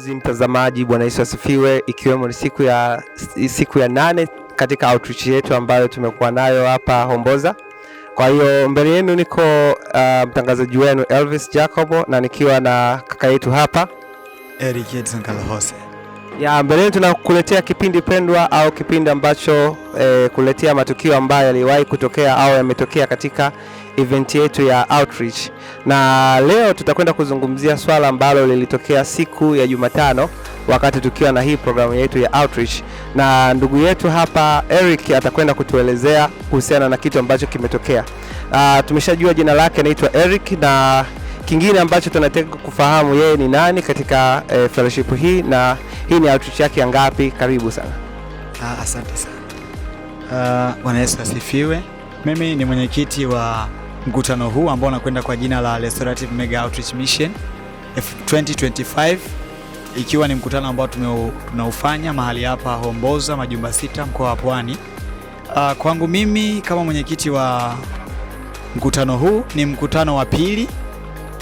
mpenzi mtazamaji, Bwana Yesu asifiwe. Ikiwemo ni siku ya, siku ya nane katika outreach yetu ambayo tumekuwa nayo hapa Homboza. Kwa hiyo mbele yenu niko uh, mtangazaji wenu Elvis Jacobo na nikiwa na kaka yetu hapa Eric Edson Kalhose. Ya mbele yenu tunakuletea kipindi pendwa au kipindi ambacho eh, kuletea matukio ambayo yaliwahi kutokea au yametokea katika event yetu ya outreach, na leo tutakwenda kuzungumzia swala ambalo lilitokea siku ya Jumatano wakati tukiwa na hii programu yetu ya outreach, na ndugu yetu hapa Eric atakwenda kutuelezea kuhusiana na kitu ambacho kimetokea. Uh, tumeshajua jina lake anaitwa Eric na kingine ambacho tunataka kufahamu yeye ni nani katika eh, fellowship hii na hii ni outreach yake ya ngapi? Karibu sana. Ah, asante sana. Ah, Bwana Yesu asifiwe. Mimi ni mwenyekiti wa mkutano huu ambao unakwenda kwa jina la Restorative Mega Outreach Mission 2025 ikiwa ni mkutano ambao tunaufanya mahali hapa Homboza Majumba Sita, mkoa wa Pwani. Ah, kwangu mimi kama mwenyekiti wa mkutano huu, ni mkutano wa pili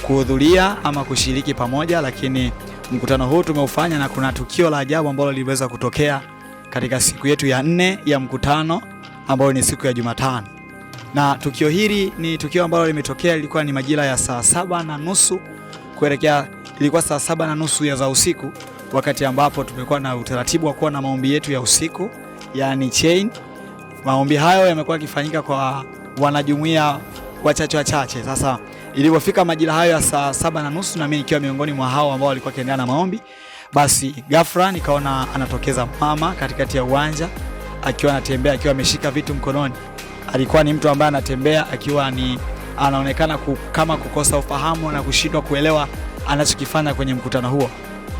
kuhudhuria ama kushiriki pamoja, lakini mkutano huu tumeufanya na kuna tukio la ajabu ambalo liliweza kutokea katika siku yetu ya nne ya mkutano ambayo ni siku ya Jumatano na tukio hili ni tukio ambalo limetokea, lilikuwa ni majira ya saa saba na nusu kuelekea, ilikuwa saa saba na nusu ya za usiku, wakati ambapo tumekuwa na utaratibu wa kuwa na maombi yetu ya usiku, yani chain. Maombi hayo yamekuwa yakifanyika kwa wanajumuiya wachache wachache. Sasa ilipofika majira hayo ya saa saba na nusu na mimi nikiwa miongoni mwa hao ambao walikuwa wakiendelea na maombi, basi ghafla nikaona anatokeza mama katikati ya uwanja akiwa anatembea akiwa ameshika vitu mkononi alikuwa ni mtu ambaye anatembea akiwa ni anaonekana kama kukosa ufahamu na kushindwa kuelewa anachokifanya kwenye mkutano huo,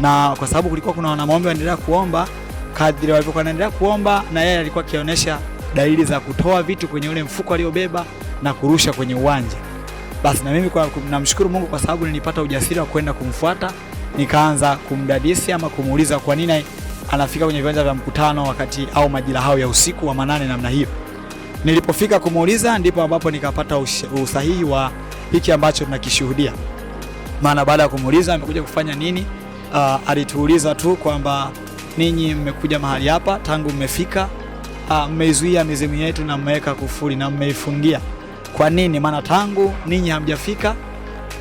na kwa sababu kulikuwa kuna wanamaombi waendelea kuomba, kadri walivyokuwa wanaendelea kuomba, na yeye alikuwa akionyesha dalili za kutoa vitu kwenye ule mfuko aliobeba na kurusha kwenye uwanja. Basi na mimi namshukuru Mungu kwa sababu nilipata ujasiri wa kwenda kumfuata, nikaanza kumdadisi ama kumuuliza kwa nini anafika kwenye viwanja vya mkutano wakati au majira hao ya usiku wa manane namna hiyo. Nilipofika kumuuliza ndipo ambapo nikapata usahihi wa hiki ambacho tunakishuhudia. Maana baada ya kumuuliza amekuja kufanya nini, uh, alituuliza tu kwamba ninyi mmekuja mahali hapa tangu mmefika, uh, mmeizuia mizimu yetu na mmeweka kufuri na mmeifungia kwa nini? Maana tangu ninyi hamjafika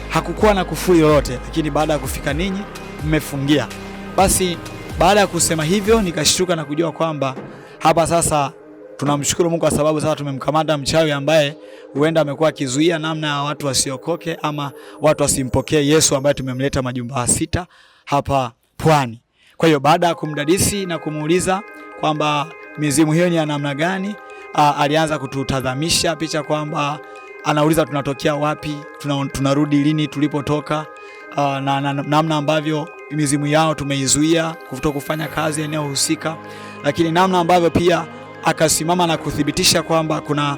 hakukuwa na kufuri yoyote, lakini baada ya kufika ninyi mmefungia. Basi baada ya kusema hivyo, nikashtuka na kujua kwamba hapa sasa Tunamshukuru Mungu kwa sababu sasa tumemkamata mchawi ambaye huenda amekuwa akizuia namna ya watu wasiokoke ama watu wasimpokee Yesu ambaye tumemleta majumba sita hapa Pwani. Kwa hiyo baada ya kumdadisi na kumuuliza kwamba mizimu hiyo ni ya namna gani, a, alianza kututazamisha picha kwamba anauliza tunatokea wapi, tuna, tunarudi lini tulipotoka a, na namna na, na ambavyo mizimu yao tumeizuia kufanya kazi eneo husika, lakini namna ambavyo pia akasimama na kuthibitisha kwamba kuna,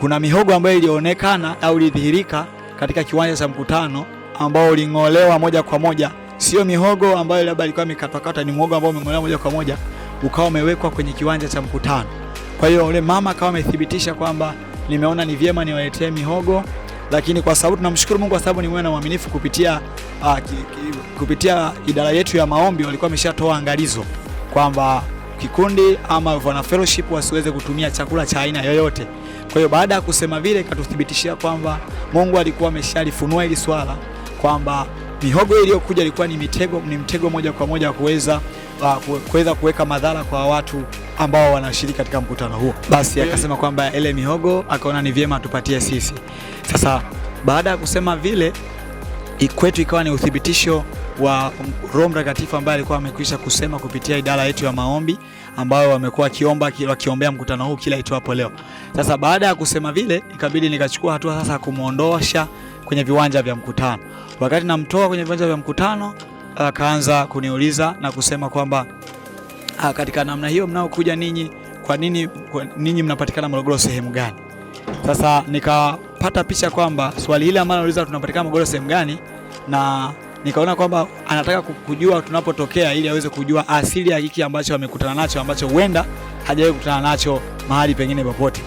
kuna mihogo ambayo ilionekana au ilidhihirika katika kiwanja cha mkutano ambao uling'olewa moja kwa moja, sio mihogo ambayo labda ilikuwa mikatwakatwa, ni mhogo ambao umeng'olewa moja kwa moja ukawa umewekwa kwenye kiwanja cha mkutano. Kwa hiyo yule mama akawa amethibitisha kwamba nimeona ni vyema niwaletee mihogo, lakini kwa sababu tunamshukuru Mungu kwa sababu ni mwema na mwaminifu, kupitia uh, kupitia idara yetu ya maombi walikuwa wameshatoa angalizo kwamba kikundi ama wana fellowship wasiweze kutumia chakula cha aina yoyote. Kwa hiyo baada ya kusema vile, ikatuthibitishia kwamba Mungu alikuwa ameshalifunua hili swala kwamba mihogo iliyokuja ilikuwa ni mitego, ni mtego moja kwa moja kuweza kuweza kuweka madhara kwa watu ambao wanashiriki katika mkutano huo. Basi akasema kwamba ile mihogo akaona ni vyema atupatie sisi. Sasa baada ya kusema vile, kwetu ikawa ni uthibitisho wa Roho Mtakatifu ambaye alikuwa amekwisha kusema kupitia idara yetu ya maombi ambayo wamekuwa wakiomba wakiombea mkutano huu kila itwapo leo. Sasa baada ya kusema vile, ikabidi nikachukua hatua sasa ya kumwondosha kwenye viwanja vya mkutano. Wakati namtoa kwenye viwanja vya mkutano, akaanza kuniuliza na kusema kwamba ah, katika namna hiyo mnaokuja ninyi, kwa nini ninyi mnapatikana Morogoro sehemu gani? Sasa nikapata picha kwamba swali hili ambalo anauliza tunapatikana Morogoro sehemu gani na nikaona kwamba anataka kujua tunapotokea ili aweze kujua asili ya hiki ambacho amekutana nacho ambacho huenda hajawahi kukutana nacho mahali pengine popote.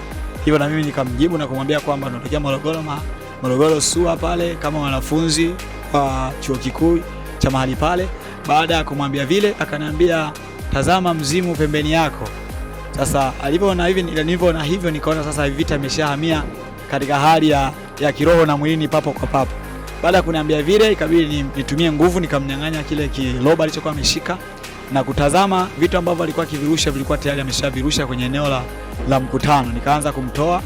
Hivyo na mimi nikamjibu na kumwambia kwamba tunatokea Morogoro, ma, Morogoro SUA pale kama wanafunzi wa chuo kikuu cha mahali pale. Baada ya kumwambia vile, akaniambia tazama mzimu pembeni yako. Sasa alivyoona hivi nilivyoona hivyo, nikaona sasa vita imeshahamia katika hali ya, ya kiroho na mwilini papo kwa papo. Baada ya kuniambia vile, ikabidi nitumie nguvu, nikamnyang'anya kile kiloba alichokuwa ameshika na kutazama vitu ambavyo alikuwa akivirusha vilikuwa tayari ameshavirusha kwenye eneo la, la mkutano. Nikaanza kumtoa.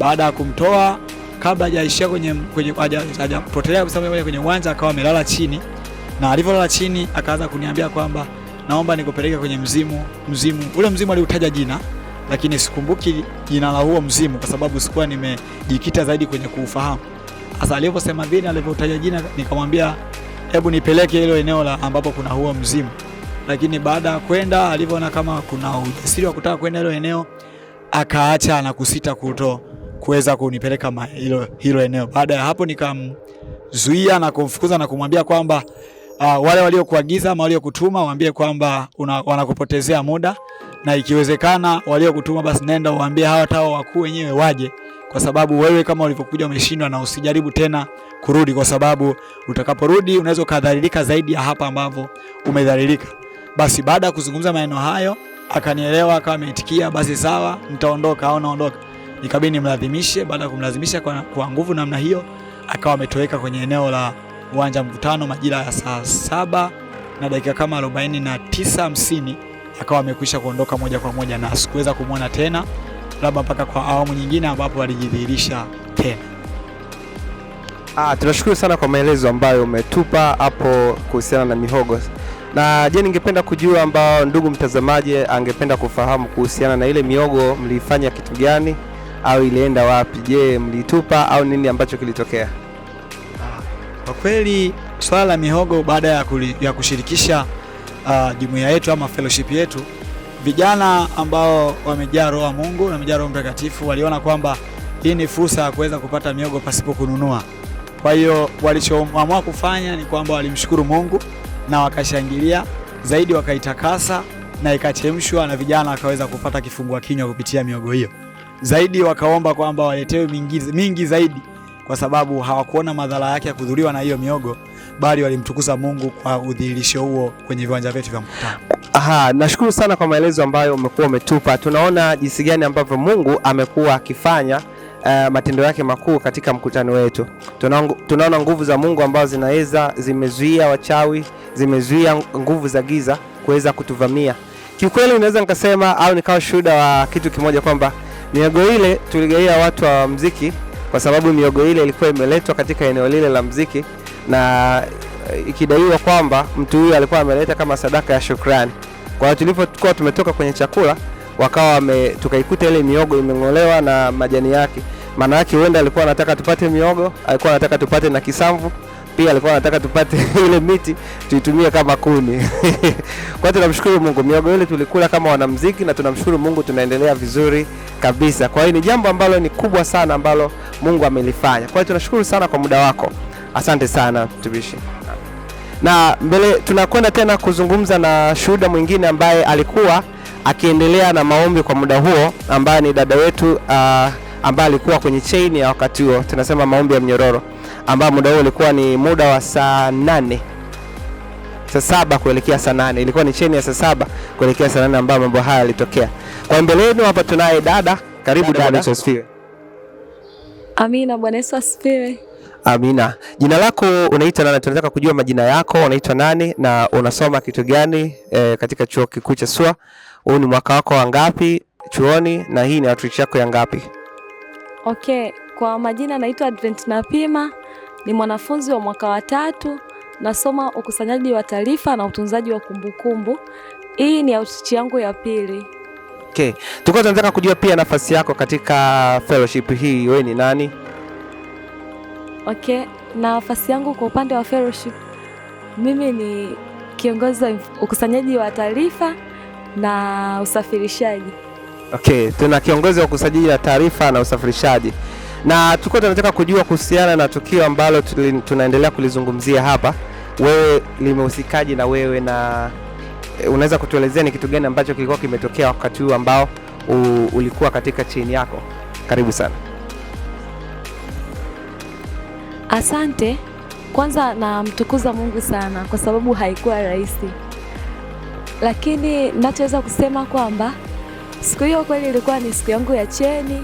Baada ya kumtoa, kabla hajaishia kwenye kwenye hajapotelea kwenye, kwenye uwanja, akawa amelala chini, na alivyolala chini akaanza kuniambia kwamba naomba nikupeleke kwenye mzimu. Mzimu ule mzimu aliutaja jina, lakini sikumbuki jina la huo mzimu kwa sababu sikuwa nimejikita zaidi kwenye kuufahamu. Sasa alivyosema vile, alivyotaja jina, nikamwambia hebu nipeleke hilo eneo la ambapo kuna huo mzimu, lakini baada ya kwenda, alivyoona kama kuna ujasiri wa kutaka kwenda hilo eneo, akaacha na kusita kuto kuweza kunipeleka hilo, hilo eneo. Baada ya hapo nikamzuia na kumfukuza na kumwambia kwamba uh, wale waliokuagiza ama waliokutuma waambie kwamba wanakupotezea muda, na ikiwezekana waliokutuma basi nenda uwaambie hawa tawa wakuu wenyewe waje kwa sababu wewe kama ulivyokuja umeshindwa, na usijaribu tena kurudi, kwa sababu utakaporudi unaweza ukadhalilika zaidi ya hapa ambavyo umedhalilika. Basi baada ya kuzungumza maneno hayo akanielewa, akawa ameitikia, basi sawa, nitaondoka au naondoka. Nikabidi nimlazimishe. Baada ya kumlazimisha kwa, kwa nguvu namna hiyo, akawa ametoweka kwenye eneo la uwanja mkutano majira ya saa saba na dakika kama arobaini na tisa hamsini akawa amekwisha kuondoka moja kwa moja na sikuweza kumwona tena labda mpaka kwa awamu nyingine ambapo walijidhihirisha tena. Ah, tunashukuru sana kwa maelezo ambayo umetupa hapo kuhusiana na mihogo. Na je, ningependa kujua ambao ndugu mtazamaji angependa kufahamu kuhusiana na ile mihogo, mliifanya kitu gani au ilienda wapi? Je, mlitupa au nini ambacho kilitokea? Kwa kweli swala la mihogo baada ya kushirikisha uh, jumuiya yetu ama fellowship yetu vijana ambao wamejaa roho Mungu na wamejaa Roho Mtakatifu waliona kwamba hii ni fursa ya kuweza kupata miogo pasipo kununua. Kwa hiyo walichoamua kufanya ni kwamba walimshukuru Mungu na wakashangilia zaidi, wakaitakasa na ikachemshwa, na vijana wakaweza kupata kifungua kinywa kupitia miogo hiyo. Zaidi wakaomba kwamba waletewe mingi, mingi zaidi, kwa sababu hawakuona madhara yake ya kudhuriwa na hiyo miogo, bali walimtukuza Mungu kwa udhihirisho huo kwenye viwanja vyetu vya mkutano. Aha, nashukuru sana kwa maelezo ambayo umekuwa umetupa. Tunaona jinsi gani ambavyo Mungu amekuwa akifanya Uh, matendo yake makuu katika mkutano wetu. Tunaona nguvu za Mungu ambazo zinaweza zimezuia wachawi, zimezuia nguvu za giza kuweza kutuvamia. Kiukweli naweza nikasema au nikawa shuhuda wa kitu kimoja kwamba miogo ile tuligaia watu wa mziki kwa sababu miogo ile ilikuwa imeletwa katika eneo lile la mziki na ikidaiwa kwamba mtu huyu alikuwa ameleta kama sadaka ya shukrani. Kwa hiyo tulipokuwa tumetoka kwenye chakula, wakawa tukaikuta ile miogo imeng'olewa na majani yake. Maana yake huenda alikuwa anataka tupate miogo, alikuwa anataka tupate na kisamvu pia alikuwa anataka tupate ile miti tuitumie kama kuni. Kwa hiyo tunamshukuru Mungu, miogo ile tulikula kama wanamziki, na tunamshukuru Mungu, tunaendelea vizuri kabisa. Kwa hiyo ni jambo ambalo ni kubwa sana ambalo Mungu amelifanya. Kwa hiyo tunashukuru sana kwa muda wako. Asante sana mtumishi. Na mbele tunakwenda tena kuzungumza na shuhuda mwingine ambaye alikuwa akiendelea na maombi kwa muda huo, ambaye ni dada wetu uh, ambaye alikuwa kwenye chain ya wakati huo, tunasema maombi ya mnyororo, ambayo muda huo ulikuwa ni muda wa saa nane saa saba kuelekea saa nane ilikuwa ni cheni ya saa saba kuelekea saa nane ambayo mambo haya yalitokea. Kwa mbele yenu hapa tunaye dada. Karibu dada. Yesu asifiwe. Amina. Bwana Yesu asifiwe. Amina. Jina lako unaitwa nani? Tunataka kujua majina yako, unaitwa nani na unasoma kitu gani e, katika chuo kikuu cha SUA? Huu ni mwaka wako wa ngapi chuoni na hii ni outreach yako ya ngapi? Okay, kwa majina naitwa Advent Napima, ni mwanafunzi wa mwaka wa tatu, nasoma ukusanyaji wa taarifa na utunzaji wa kumbukumbu. Hii ni outreach yangu ya pili. Okay. Tulikuwa tunataka kujua pia nafasi yako katika fellowship hii, wewe ni nani? Okay, na nafasi yangu kwa upande wa fellowship, mimi ni kiongozi wa ukusanyaji wa taarifa na usafirishaji. Okay, tuna kiongozi wa ukusanyaji wa taarifa na usafirishaji, na tulikuwa tunataka kujua kuhusiana na tukio ambalo tunaendelea kulizungumzia hapa, wewe limehusikaje na wewe na eh, unaweza kutuelezea ni kitu gani ambacho kilikuwa kimetokea wakati huu ambao ulikuwa katika chini yako? Karibu sana. Asante. Kwanza namtukuza Mungu sana kwa sababu haikuwa rahisi, lakini nachoweza kusema kwamba siku hiyo kweli ilikuwa ni siku yangu ya cheni,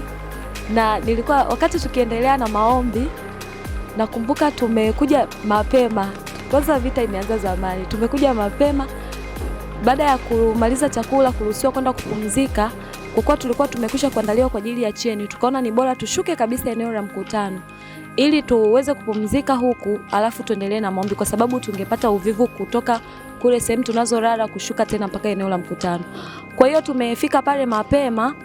na nilikuwa wakati tukiendelea na maombi, nakumbuka tumekuja mapema. Kwanza vita imeanza zamani, tumekuja mapema baada ya kumaliza chakula, kuruhusiwa kwenda kupumzika, kwa kuwa tulikuwa tumekwisha kuandaliwa kwa ajili ya cheni. Tukaona ni bora tushuke kabisa eneo la mkutano ili tuweze kupumzika huku, alafu tuendelee na maombi, kwa sababu tungepata uvivu kutoka kule sehemu tunazolala kushuka tena mpaka eneo la mkutano. Kwa hiyo tumefika pale mapema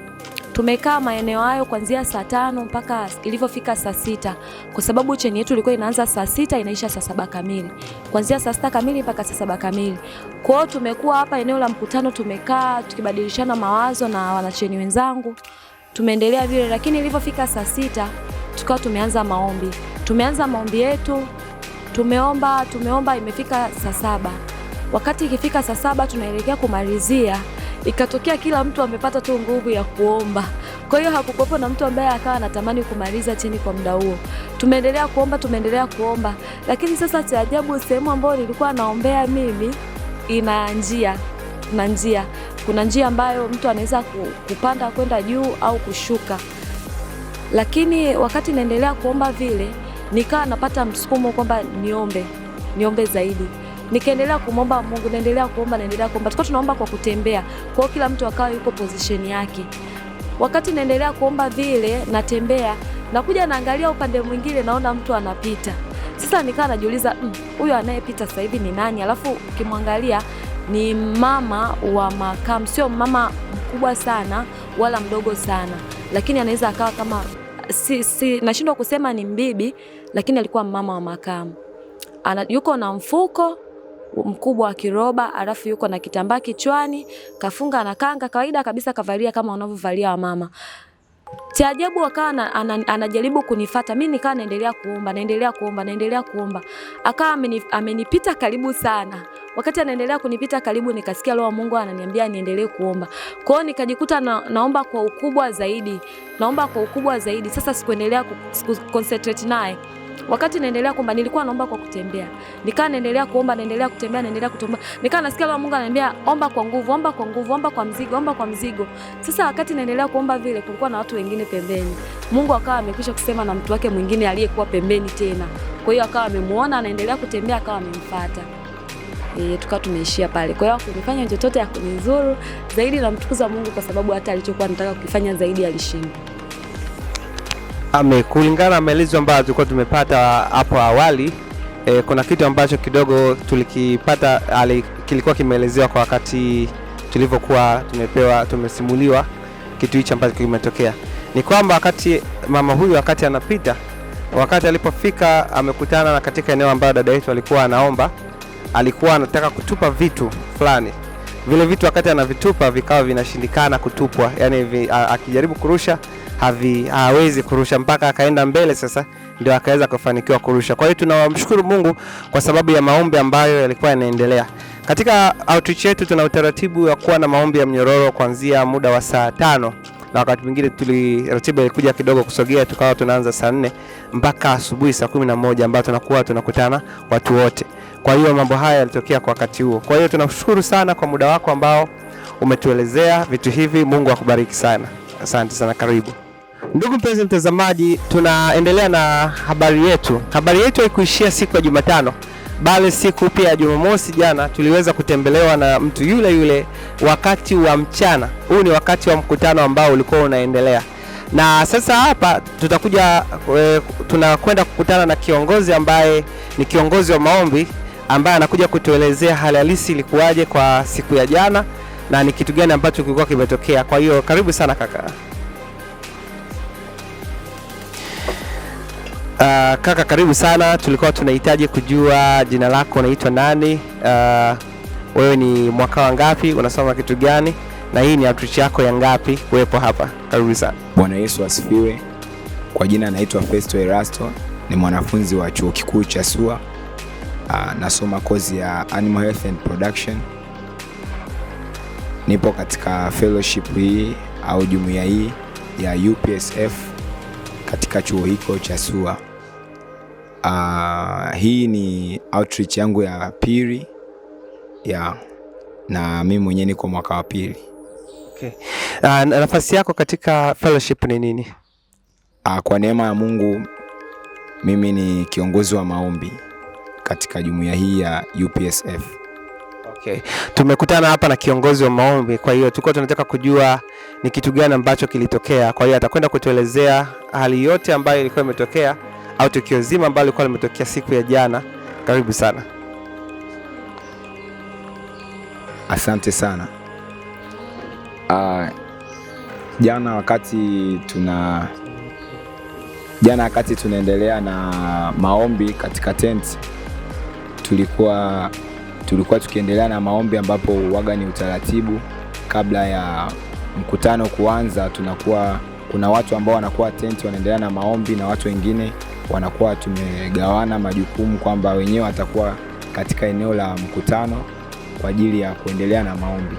tumekaa maeneo hayo kuanzia saa tano mpaka ilivyofika saa sita kwa sababu cheni yetu ilikuwa inaanza saa sita inaisha saa saba kamili, kuanzia saa sita kamili mpaka saa saba kamili. Kwa hiyo tumekuwa hapa eneo la mkutano, tumekaa tukibadilishana mawazo na wanacheni wenzangu, tumeendelea vile, lakini ilivyofika saa sita tukawa tumeanza maombi, tumeanza maombi yetu, tumeomba tumeomba, imefika saa saba. Wakati ikifika saa saba tunaelekea kumalizia, ikatokea kila mtu amepata tu nguvu ya kuomba. Kwa hiyo hakukuwepo na mtu ambaye akawa anatamani kumaliza chini kwa muda huo. Tumeendelea kuomba, tumeendelea kuomba, lakini sasa cha ajabu, sehemu ambayo nilikuwa naombea mimi ina njia na njia, kuna njia ambayo mtu anaweza kupanda kwenda juu au kushuka. Lakini wakati naendelea kuomba vile, nikawa napata msukumo kwamba niombe niombe zaidi nikaendelea kumwomba Mungu, naendelea kuomba, naendelea kuomba. Tukao tunaomba kwa kutembea, kwa kila mtu akawa yuko position yake. Wakati naendelea kuomba vile, natembea, nakuja naangalia upande mwingine, naona mtu anapita. Sasa nikawa najiuliza mm, huyo mm, anayepita sasa hivi ni nani? Alafu ukimwangalia ni mama wa makamu, sio mama mkubwa sana wala mdogo sana, lakini anaweza akawa kama si, si, nashindwa kusema ni mbibi, lakini alikuwa mama wa makamu. Ana, yuko na mfuko mkubwa wa kiroba alafu yuko na kitambaa kichwani, kafunga na kanga kawaida kabisa, kavalia kama wanavyovalia wamama. Cha ajabu akawa anajaribu kunifata mimi, nikawa naendelea kuomba naendelea kuomba naendelea kuomba, akawa amenipita karibu sana. Wakati anaendelea kunipita karibu, nikasikia Roho Mungu ananiambia niendelee kuomba. Kwa hiyo nikajikuta na, naomba kwa ukubwa zaidi, naomba kwa ukubwa zaidi. Sasa sikuendelea kuconcentrate naye. Wakati naendelea kuomba, nilikuwa naomba kwa kutembea, nikaa naendelea kuomba, naendelea kutembea, naendelea kutomba, nikaa nasikia Roho Mungu ananiambia omba kwa nguvu, omba kwa nguvu, omba kwa mzigo, omba kwa mzigo. Sasa wakati naendelea kuomba vile, kulikuwa na watu wengine pembeni. Mungu akawa amekwisha kusema na mtu wake mwingine aliyekuwa pembeni tena, kwa hiyo akawa amemuona anaendelea kutembea, akawa amemfuata. E, tukawa tumeishia pale. Kwa hiyo kunifanya chochote ya kunizuru zaidi na mtukuza Mungu kwa sababu hata alichokuwa anataka kukifanya zaidi alishinda. Ame, kulingana na maelezo ambayo tulikuwa tumepata hapo awali e, kuna kitu ambacho kidogo tulikipata kilikuwa kimeelezewa kwa wakati tulivyokuwa tumepewa tumesimuliwa kitu hicho ambacho kimetokea ni kwamba wakati mama huyu wakati anapita wakati alipofika amekutana na katika eneo ambayo dada yetu alikuwa anaomba alikuwa anataka kutupa vitu fulani vile vitu wakati anavitupa vikawa vinashindikana kutupwa yani vi, akijaribu kurusha havi hawezi kurusha mpaka akaenda mbele, sasa ndio akaweza kufanikiwa kurusha. Kwa hiyo tunawamshukuru Mungu kwa sababu ya maombi ambayo yalikuwa yanaendelea. Katika outreach yetu tuna utaratibu wa kuwa na maombi ya mnyororo kuanzia muda wa saa tano na wakati mwingine tuli ratiba ilikuja kidogo kusogea, tukawa tunaanza saa nne mpaka asubuhi saa kumi na moja ambayo tunakuwa tunakutana watu wote. Kwa hiyo mambo haya yalitokea kwa wakati huo. Kwa hiyo tunashukuru sana kwa muda wako ambao umetuelezea vitu hivi. Mungu akubariki sana, asante sana, karibu. Ndugu mpenzi mtazamaji, tunaendelea na habari yetu. Habari yetu haikuishia siku ya Jumatano, bali siku pia ya Jumamosi jana tuliweza kutembelewa na mtu yule yule wakati wa mchana. Huu ni wakati wa mkutano ambao ulikuwa unaendelea, na sasa hapa tutakuja e, tunakwenda kukutana na kiongozi ambaye ni kiongozi wa maombi ambaye anakuja kutuelezea hali halisi ilikuwaje kwa siku ya jana na ni kitu gani ambacho kilikuwa kimetokea. Kwa hiyo karibu sana kaka. Uh, kaka karibu sana, tulikuwa tunahitaji kujua jina lako, unaitwa nani? Uh, wewe ni mwaka wa ngapi? Unasoma kitu gani? Na hii ni outreach yako ya ngapi kuwepo hapa? Karibu sana. Bwana Yesu asifiwe. Kwa jina naitwa Festo Erasto, ni mwanafunzi wa chuo kikuu cha SUA. Uh, nasoma kozi ya Animal Health and Production. Nipo katika fellowship hii au jumuiya hii ya UPSF katika chuo hiko cha SUA. Uh, hii ni outreach yangu ya pili ya na mimi mwenyewe niko mwaka wa pili. Okay. Uh, nafasi yako katika fellowship ni nini? Uh, kwa neema ya Mungu mimi ni kiongozi wa maombi katika jumuiya hii ya UPSF. Okay. Tumekutana hapa na kiongozi wa maombi, kwa hiyo tulikuwa tunataka kujua ni kitu gani ambacho kilitokea. Kwa hiyo atakwenda kutuelezea hali yote ambayo ilikuwa imetokea au tukio zima ambalo lilikuwa limetokea siku ya jana. Karibu sana. Asante sana. Uh, jana wakati tuna jana wakati tunaendelea na maombi katika tent, tulikuwa tulikuwa tukiendelea na maombi ambapo waga ni utaratibu kabla ya mkutano kuanza, tunakuwa kuna watu ambao wanakuwa tent wanaendelea na maombi na watu wengine wanakuwa tumegawana majukumu kwamba wenyewe watakuwa katika eneo la mkutano kwa ajili ya kuendelea na maombi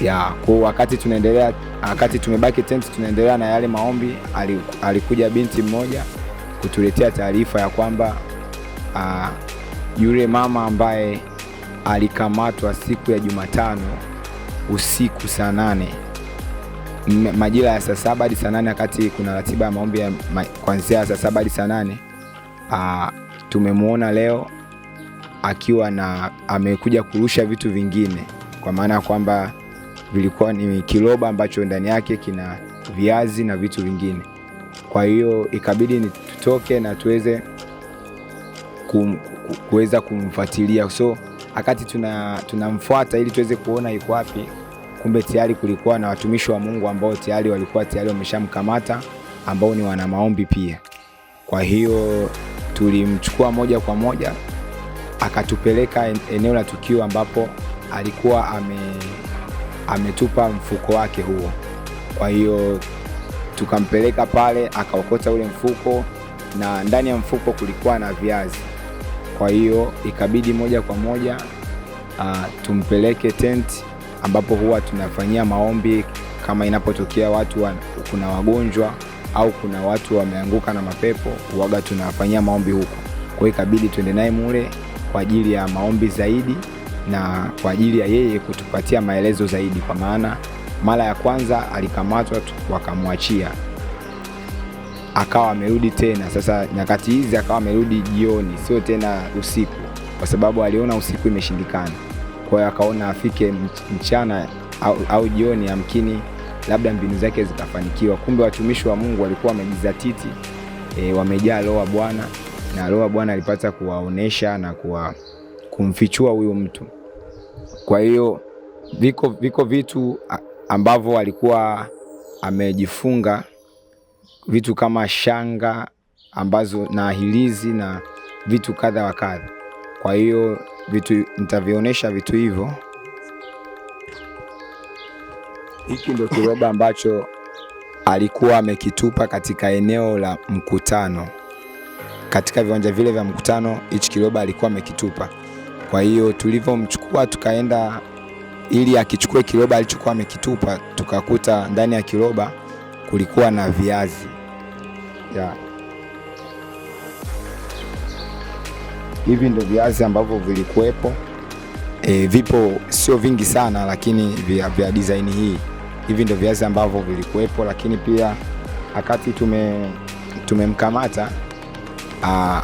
ya kwa wakati tunaendelea, wakati tumebaki tenti tunaendelea na yale maombi, alikuja binti mmoja kutuletea taarifa ya kwamba yule mama ambaye alikamatwa siku ya Jumatano usiku saa nane majira ya saa saba hadi saa nane wakati kuna ratiba ya maombi ya kuanzia saa saba hadi saa nane tumemwona leo akiwa na amekuja kurusha vitu vingine, kwa maana ya kwamba vilikuwa ni kiroba ambacho ndani yake kina viazi na vitu vingine. Kwa hiyo ikabidi ni tutoke na tuweze kuweza kumfuatilia so wakati tunamfuata tuna ili tuweze kuona yuko wapi kumbe tayari kulikuwa na watumishi wa Mungu ambao tayari walikuwa tayari wameshamkamata ambao ni wana maombi pia. Kwa hiyo tulimchukua moja kwa moja akatupeleka eneo la tukio ambapo alikuwa ame, ametupa mfuko wake huo. Kwa hiyo tukampeleka pale akaokota ule mfuko, na ndani ya mfuko kulikuwa na viazi. Kwa hiyo ikabidi moja kwa moja uh, tumpeleke tenti ambapo huwa tunafanyia maombi kama inapotokea watu wa, kuna wagonjwa au kuna watu wameanguka na mapepo, huaga tunafanyia maombi huko. Kwa hiyo ikabidi tuende naye mule kwa ajili ya maombi zaidi na kwa ajili ya yeye kutupatia maelezo zaidi, kwa maana mara ya kwanza alikamatwa wakamwachia akawa amerudi tena. Sasa nyakati hizi akawa amerudi jioni, sio tena usiku, kwa sababu aliona usiku imeshindikana. Kwa hiyo akaona afike mchana au, au jioni, yamkini labda mbinu zake zikafanikiwa. Kumbe watumishi wa Mungu walikuwa wamejizatiti e, wamejaa roho wa Bwana na roho wa Bwana alipata kuwaonesha na kuwa, kumfichua huyu mtu. Kwa hiyo viko, viko vitu ambavyo alikuwa amejifunga vitu kama shanga ambazo na hilizi na vitu kadha wa kadha. Kwa hiyo vitu nitavionyesha vitu hivyo. Hiki ndio kiroba ambacho alikuwa amekitupa katika eneo la mkutano, katika viwanja vile vya mkutano, hichi kiroba alikuwa amekitupa. Kwa hiyo tulivyomchukua tukaenda ili akichukue kiroba alichokuwa amekitupa, tukakuta ndani ya kiroba kulikuwa na viazi yeah. Hivi ndio viazi ambavyo vilikuwepo. E, vipo sio vingi sana, lakini vya, vya design hii. Hivi ndio viazi ambavyo vilikuwepo, lakini pia wakati tume tumemkamata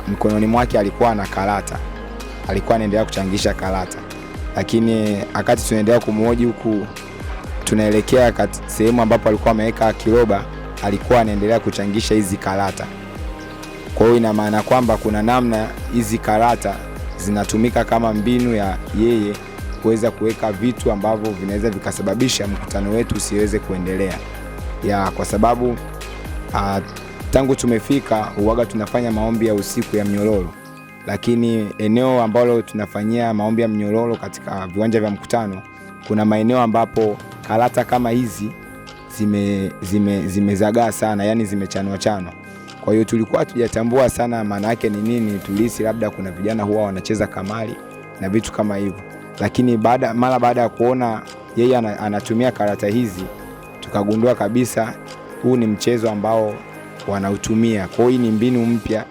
mkononi mwake alikuwa na karata, alikuwa anaendelea kuchangisha karata, lakini wakati tunaendelea kumhoji huku tunaelekea sehemu ambapo alikuwa ameweka kiroba, alikuwa anaendelea kuchangisha hizi karata. Kwa hiyo ina maana kwamba kuna namna hizi karata zinatumika kama mbinu ya yeye kuweza kuweka vitu ambavyo vinaweza vikasababisha mkutano wetu usiweze kuendelea ya, kwa sababu a, tangu tumefika uwaga tunafanya maombi ya usiku ya mnyororo, lakini eneo ambalo tunafanyia maombi ya mnyororo katika viwanja vya mkutano, kuna maeneo ambapo karata kama hizi zimezagaa zime, zime sana, yani zimechanwa chanwa kwa hiyo tulikuwa tujatambua sana maana yake ni nini, tulisi labda kuna vijana huwa wanacheza kamari na vitu kama hivyo, lakini baada, mara baada ya kuona yeye anatumia karata hizi tukagundua kabisa huu ni mchezo ambao wanautumia. Kwa hiyo hii ni mbinu mpya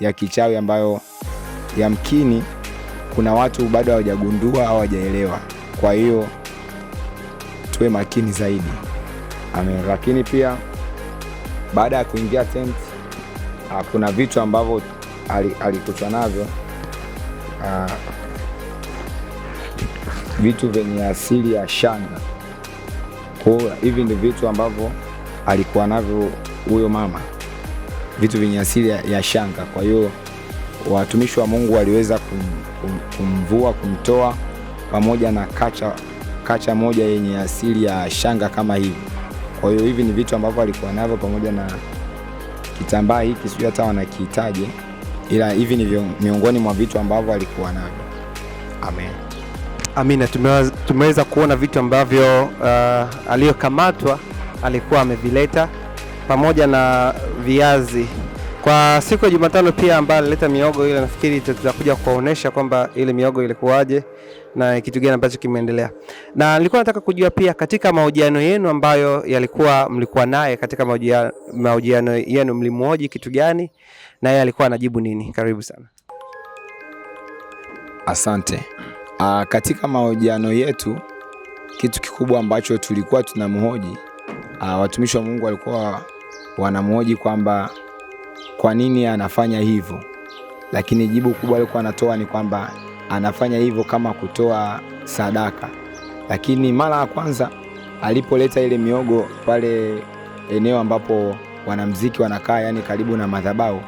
ya kichawi ambayo yamkini kuna watu bado hawajagundua au hawajaelewa. Kwa hiyo tuwe makini zaidi. Amen. Lakini pia baada ya kuingia tent Ah, kuna vitu ambavyo alikutwa navyo a, ah, vitu vyenye asili ya shanga. Kwa hivi ndi vitu ambavyo alikuwa navyo huyo mama, vitu vyenye asili ya, ya shanga. Kwa hiyo watumishi wa Mungu waliweza kum, kum, kumvua kumtoa, pamoja na kacha, kacha moja yenye asili ya shanga kama hivi. Kwa hiyo hivi ni vitu ambavyo alikuwa navyo pamoja na kitambaa hiki sijui hata wanakihitaji, ila hivi ni miongoni mwa vitu ambavyo alikuwa navyo. Amen. Amina, tumeweza kuona vitu ambavyo uh, aliyokamatwa alikuwa amevileta pamoja na viazi kwa siku ya Jumatano pia ambayo alileta miogo ile, nafikiri tutakuja kuonesha kwamba ile miogo ilikuwaje na kitu gani ambacho kimeendelea. Na nilikuwa nataka kujua pia katika mahojiano yenu ambayo yalikuwa mlikuwa naye katika mahojiano yenu, mlimwoji kitu gani na yeye alikuwa anajibu nini? Karibu sana. Asante. Aa, ah, katika mahojiano yetu kitu kikubwa ambacho tulikuwa tunamhoji, ah, watumishi wa Mungu walikuwa wanamhoji kwamba kwa nini anafanya hivyo, lakini jibu kubwa alikuwa anatoa ni kwamba anafanya hivyo kama kutoa sadaka. Lakini mara ya kwanza alipoleta ile miogo pale eneo ambapo wanamziki wanakaa, yani karibu na madhabahu,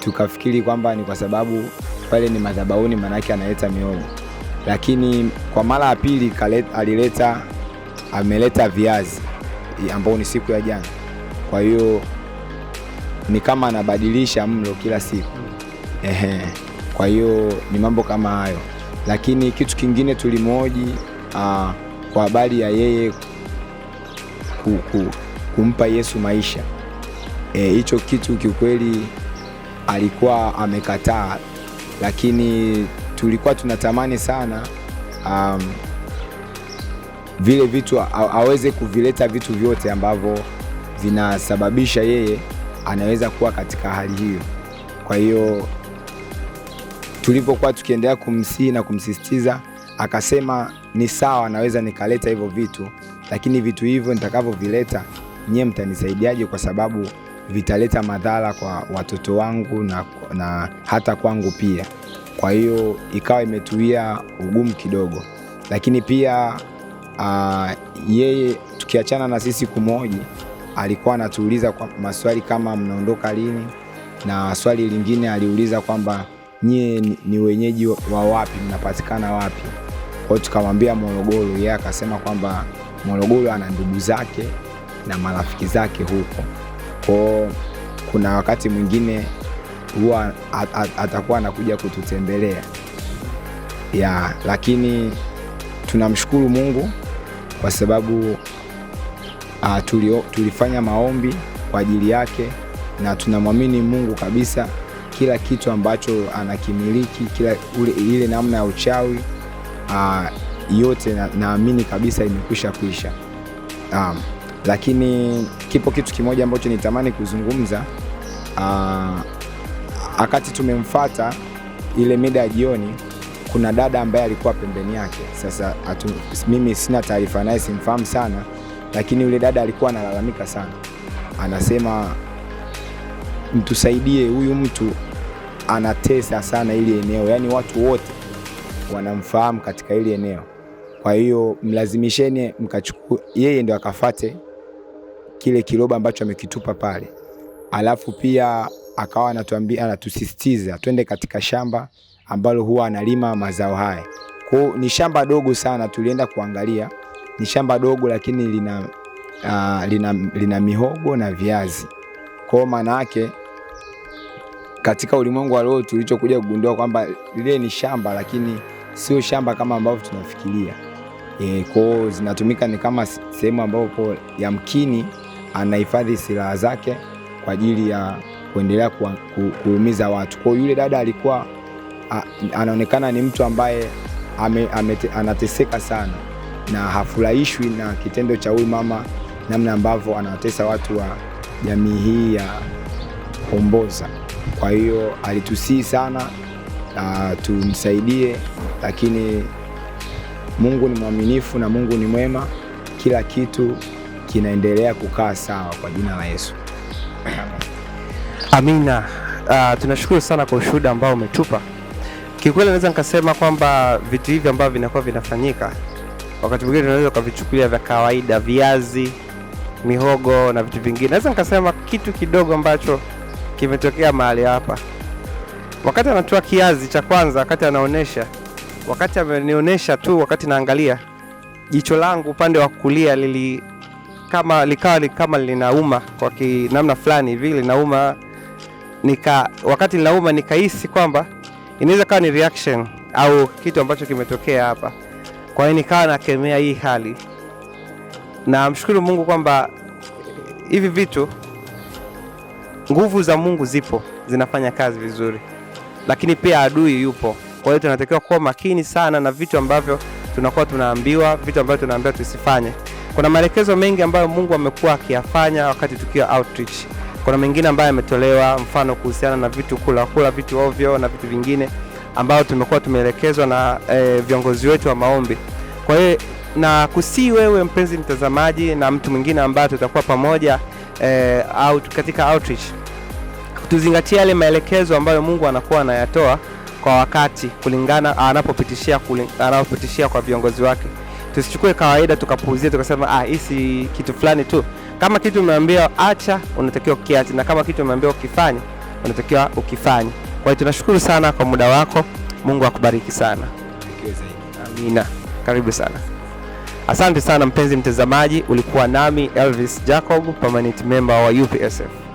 tukafikiri kwamba ni kwa sababu pale ni madhabahuni, maanake analeta miogo. Lakini kwa mara ya pili alileta, ameleta viazi ambao ni siku ya jana, kwa hiyo ni kama anabadilisha mlo kila siku ehe. Kwa hiyo ni mambo kama hayo, lakini kitu kingine tulimhoji uh, ah, kwa habari ya yeye ku, ku, kumpa Yesu maisha e, hicho e, kitu kiukweli alikuwa amekataa, lakini tulikuwa tunatamani sana um, vile vitu aweze kuvileta vitu vyote ambavyo vinasababisha yeye anaweza kuwa katika hali hiyo. Kwa hiyo tulipokuwa tukiendelea kumsihi na kumsisitiza, akasema ni sawa, naweza nikaleta hivyo vitu, lakini vitu hivyo nitakavyovileta nyie mtanisaidiaje? Kwa sababu vitaleta madhara kwa watoto wangu na, na hata kwangu pia. Kwa hiyo ikawa imetuia ugumu kidogo, lakini pia uh, yeye tukiachana na sisi kumoji alikuwa anatuuliza kwa maswali kama mnaondoka lini, na swali lingine aliuliza kwamba nyie ni wenyeji wa wapi, mnapatikana wapi? Kwa hiyo tukamwambia Morogoro, yeye akasema kwamba Morogoro ana ndugu zake na marafiki zake huko. Kwao kuna wakati mwingine huwa atakuwa anakuja kututembelea ya, lakini tunamshukuru Mungu kwa sababu uh, tulio, tulifanya maombi kwa ajili yake na tunamwamini Mungu kabisa, kila kitu ambacho anakimiliki kila ule, ile namna ya uchawi uh, yote naamini na kabisa imekwisha kuisha. Um, lakini kipo kitu kimoja ambacho nitamani kuzungumza ah, wakati akati tumemfata ile mida ya jioni, kuna dada ambaye alikuwa pembeni yake. Sasa atu, mimi sina taarifa naye, simfahamu sana lakini yule dada alikuwa analalamika sana, anasema mtusaidie, huyu mtu anatesa sana ili eneo, yaani watu wote wanamfahamu katika ili eneo, kwa hiyo mlazimisheni mkachukua. Yeye ndio akafate kile kiroba ambacho amekitupa pale, alafu pia akawa anatuambia, anatusisitiza twende katika shamba ambalo huwa analima mazao haya. Kwa ni shamba dogo sana, tulienda kuangalia ni shamba dogo lakini lina, uh, lina, lina mihogo na viazi. Kwa maana yake katika ulimwengu wa leo tulichokuja kugundua kwamba lile ni shamba lakini sio shamba kama ambavyo tunafikiria. E, kwao zinatumika ni kama sehemu ambapo yamkini anahifadhi silaha zake kwa ajili ya kuendelea kuumiza watu. Kwa yule dada alikuwa a, anaonekana ni mtu ambaye ame, ame, anateseka sana na hafurahishwi na kitendo cha huyu mama, namna ambavyo anawatesa watu wa jamii hii ya Homboza. Kwa hiyo alitusii sana uh, tumsaidie, lakini Mungu ni mwaminifu na Mungu ni mwema, kila kitu kinaendelea kukaa sawa kwa jina la Yesu. Amina. Uh, tunashukuru sana kwa ushuhuda ambao umetupa. Kiukweli naweza nikasema kwamba vitu hivi ambavyo vinakuwa vinafanyika wakati mwingine unaweza ukavichukulia vya kawaida, viazi, mihogo na vitu vingine. Naweza nikasema kitu kidogo ambacho kimetokea mahali hapa, wakati anatoa kiazi cha kwanza, wakati anaonesha, wakati amenionyesha tu, wakati naangalia, jicho langu upande wa kulia lili kama likawa kama linauma kwa namna fulani hivi linauma nika, wakati linauma nikahisi kwamba inaweza kawa ni reaction au kitu ambacho kimetokea hapa. Kwa hiyo nikawa nakemea hii hali na mshukuru Mungu kwamba hivi vitu, nguvu za Mungu zipo zinafanya kazi vizuri, lakini pia adui yupo. Kwa hiyo tunatakiwa kuwa makini sana na vitu ambavyo tunakuwa tunaambiwa, vitu ambavyo tunaambiwa tusifanye. Kuna maelekezo mengi ambayo Mungu amekuwa akiyafanya wakati tukiwa outreach. Kuna mengine ambayo yametolewa, mfano kuhusiana na vitu kula kula vitu ovyo na vitu vingine ambayo tumekuwa tumeelekezwa na e, viongozi wetu wa maombi. Kwa hiyo na kusii wewe mpenzi mtazamaji na mtu mwingine ambaye tutakuwa pamoja e, out, katika outreach tuzingatie yale maelekezo ambayo Mungu anakuwa anayatoa kwa wakati kulingana anapopitishia anapopitishia kwa viongozi wake. Tusichukue kawaida tukapuuzia tukasema ah, hisi kitu fulani tu. Kama kitu umeambiwa acha, unatakiwa ukiache, na kama kitu umeambiwa ukifanye, unatakiwa ukifanye. Kwa hiyo tunashukuru sana kwa muda wako. Mungu akubariki sana. Amina. Karibu sana. Asante sana mpenzi mtazamaji, ulikuwa nami Elvis Jacob, permanent member wa UPSF.